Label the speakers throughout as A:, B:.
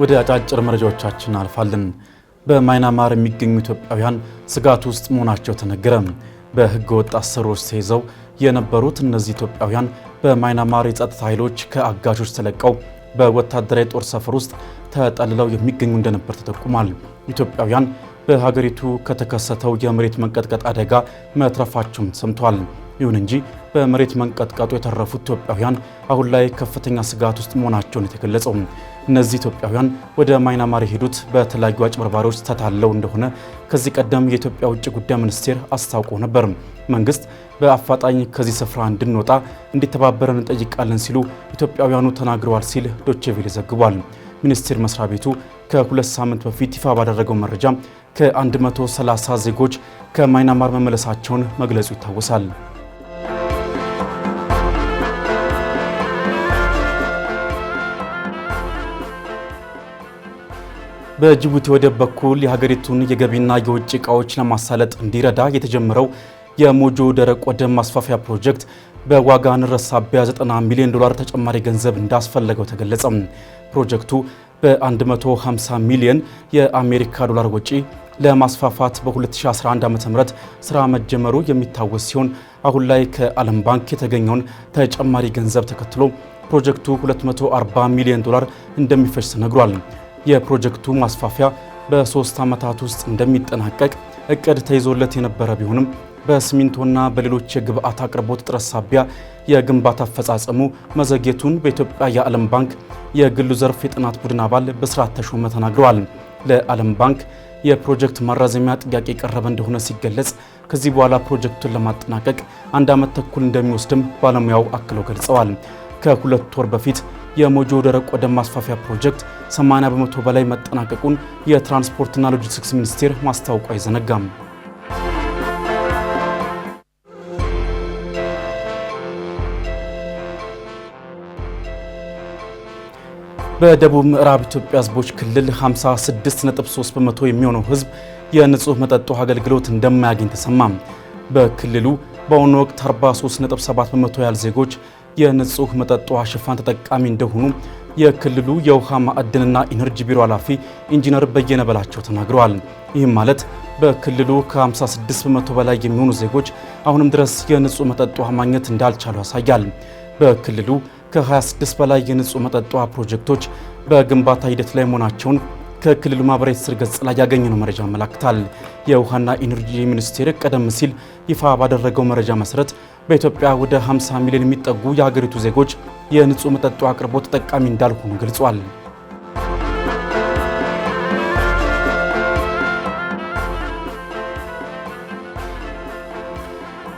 A: ወደ አጫጭር መረጃዎቻችን እናልፋለን። በማይናማር የሚገኙ ኢትዮጵያውያን ስጋት ውስጥ መሆናቸው ተነገረ። በህገ ወጥ አሰሮች ተይዘው የነበሩት እነዚህ ኢትዮጵያውያን በማይናማር የጸጥታ ኃይሎች ከአጋቾች ተለቀው በወታደራዊ ጦር ሰፈር ውስጥ ተጠልለው የሚገኙ እንደነበር ተጠቁሟል። ኢትዮጵያውያን በሀገሪቱ ከተከሰተው የመሬት መንቀጥቀጥ አደጋ መትረፋቸውም ሰምቷል። ይሁን እንጂ በመሬት መንቀጥቀጡ የተረፉት ኢትዮጵያውያን አሁን ላይ ከፍተኛ ስጋት ውስጥ መሆናቸውን የተገለጸው እነዚህ ኢትዮጵያውያን ወደ ማይናማር የሄዱት በተለያዩ አጭበርባሪዎች ተታለው እንደሆነ ከዚህ ቀደም የኢትዮጵያ ውጭ ጉዳይ ሚኒስቴር አስታውቆ ነበር። መንግስት በአፋጣኝ ከዚህ ስፍራ እንድንወጣ እንዲተባበረን እንጠይቃለን ሲሉ ኢትዮጵያውያኑ ተናግረዋል ሲል ዶቼቬሌ ዘግቧል። ሚኒስቴር መስሪያ ቤቱ ከሁለት ሳምንት በፊት ይፋ ባደረገው መረጃ ከ130 ዜጎች ከማይናማር መመለሳቸውን መግለጹ ይታወሳል። በጅቡቲ ወደብ በኩል የሀገሪቱን የገቢና የውጭ እቃዎች ለማሳለጥ እንዲረዳ የተጀመረው የሞጆ ደረቅ ወደብ ማስፋፊያ ፕሮጀክት በዋጋ ንረት ሳቢያ 90 ሚሊዮን ዶላር ተጨማሪ ገንዘብ እንዳስፈለገው ተገለጸ። ፕሮጀክቱ በ150 ሚሊዮን የአሜሪካ ዶላር ወጪ ለማስፋፋት በ2011 .ም ስራ መጀመሩ የሚታወስ ሲሆን አሁን ላይ ከዓለም ባንክ የተገኘውን ተጨማሪ ገንዘብ ተከትሎ ፕሮጀክቱ 240 ሚሊዮን ዶላር እንደሚፈጅ ተነግሯል። የፕሮጀክቱ ማስፋፊያ በሶስት ዓመታት ውስጥ እንደሚጠናቀቅ እቅድ ተይዞለት የነበረ ቢሆንም በሲሚንቶና በሌሎች የግብአት አቅርቦት እጥረት ሳቢያ የግንባታ አፈጻጸሙ መዘግየቱን በኢትዮጵያ የዓለም ባንክ የግሉ ዘርፍ የጥናት ቡድን አባል ብስራት ተሾመ ተናግረዋል። ለዓለም ባንክ የፕሮጀክት ማራዘሚያ ጥያቄ የቀረበ እንደሆነ ሲገለጽ ከዚህ በኋላ ፕሮጀክቱን ለማጠናቀቅ አንድ ዓመት ተኩል እንደሚወስድም ባለሙያው አክለው ገልጸዋል። ከሁለት ወር በፊት የሞጆ ደረቅ ወደብ ማስፋፊያ ፕሮጀክት 80 በመቶ በላይ መጠናቀቁን የትራንስፖርትና ሎጂስቲክስ ሚኒስቴር ማስታወቁ አይዘነጋም። በደቡብ ምዕራብ ኢትዮጵያ ህዝቦች ክልል 56.3 በመቶ የሚሆነው ህዝብ የንጹህ መጠጥ ውሃ አገልግሎት እንደማያገኝ ተሰማም። በክልሉ በአሁኑ ወቅት 43.7 በመቶ ያህል ዜጎች የንጹህ መጠጥ ውሃ ሽፋን ተጠቃሚ እንደሆኑ የክልሉ የውሃ ማዕድንና ኢነርጂ ቢሮ ኃላፊ ኢንጂነር በየነ በላቸው ተናግረዋል። ይህም ማለት በክልሉ ከ56 በመቶ በላይ የሚሆኑ ዜጎች አሁንም ድረስ የንጹህ መጠጥ ውሃ ማግኘት እንዳልቻሉ ያሳያል። በክልሉ ከ26 በላይ የንጹህ መጠጥ ውሃ ፕሮጀክቶች በግንባታ ሂደት ላይ መሆናቸውን ከክልሉ ማህበራዊ ትስስር ገጽ ላይ ያገኘነው መረጃ ያመላክታል። የውሃና ኢነርጂ ሚኒስቴር ቀደም ሲል ይፋ ባደረገው መረጃ መሰረት በኢትዮጵያ ወደ 50 ሚሊዮን የሚጠጉ የሀገሪቱ ዜጎች የንጹህ መጠጥ አቅርቦት ተጠቃሚ እንዳልሆኑ ገልጿል።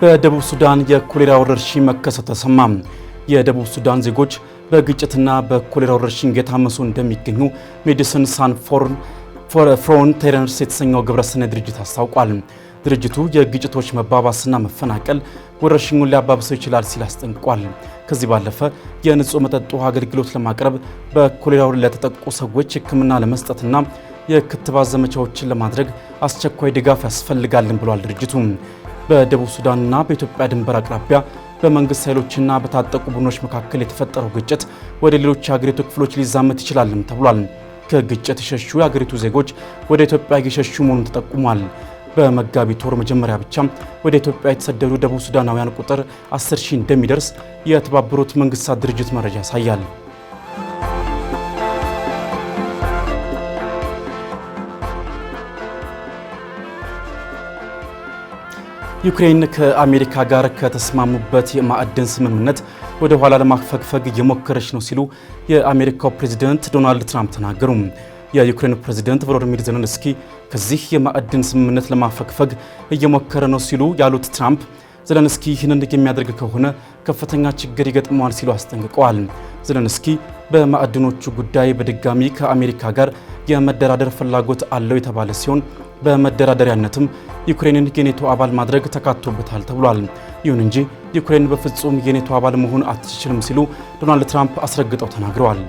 A: በደቡብ ሱዳን የኮሌራ ወረርሽኝ መከሰት ሰማም የደቡብ ሱዳን ዜጎች በግጭትና በኮሌራ ወረርሽኝ የታመሱ እንደሚገኙ ሜዲሲን ሳን ፍሮንቴርስ የተሰኘው ግብረሰናይ ድርጅት አስታውቋል። ድርጅቱ የግጭቶች መባባስና መፈናቀል ወረርሽኙን ሊያባብሰው ይችላል ሲል አስጠንቅቋል። ከዚህ ባለፈ የንጹህ መጠጥ ውሃ አገልግሎት ለማቅረብ በኮሌራ ለተጠቁ ሰዎች ሕክምና ለመስጠትና የክትባት ዘመቻዎችን ለማድረግ አስቸኳይ ድጋፍ ያስፈልጋልን ብሏል። ድርጅቱ በደቡብ ሱዳንና በኢትዮጵያ ድንበር አቅራቢያ በመንግስት ኃይሎችና በታጠቁ ቡድኖች መካከል የተፈጠረው ግጭት ወደ ሌሎች የሀገሪቱ ክፍሎች ሊዛመት ይችላልም ተብሏል። ከግጭት የሸሹ የሀገሪቱ ዜጎች ወደ ኢትዮጵያ እየሸሹ መሆኑን ተጠቁሟል። በመጋቢት ወር መጀመሪያ ብቻ ወደ ኢትዮጵያ የተሰደዱ ደቡብ ሱዳናውያን ቁጥር 10 ሺህ እንደሚደርስ የተባበሩት መንግስታት ድርጅት መረጃ ያሳያል። ዩክሬን ከአሜሪካ ጋር ከተስማሙበት የማዕድን ስምምነት ወደ ኋላ ለማፈግፈግ እየሞከረች ነው ሲሉ የአሜሪካው ፕሬዚደንት ዶናልድ ትራምፕ ተናገሩ። የዩክሬን ፕሬዚደንት ቮሎዲሚር ዘለንስኪ ከዚህ የማዕድን ስምምነት ለማፈግፈግ እየሞከረ ነው ሲሉ ያሉት ትራምፕ ዘለንስኪ ይህንን የሚያደርግ ከሆነ ከፍተኛ ችግር ይገጥመዋል ሲሉ አስጠንቅቀዋል። ዘለንስኪ በማዕድኖቹ ጉዳይ በድጋሚ ከአሜሪካ ጋር የመደራደር ፍላጎት አለው የተባለ ሲሆን በመደራደሪያነትም ዩክሬንን የኔቶ አባል ማድረግ ተካቶበታል ተብሏል። ይሁን እንጂ ዩክሬን በፍጹም የኔቶ አባል መሆን አትችልም ሲሉ ዶናልድ ትራምፕ አስረግጠው ተናግረዋል።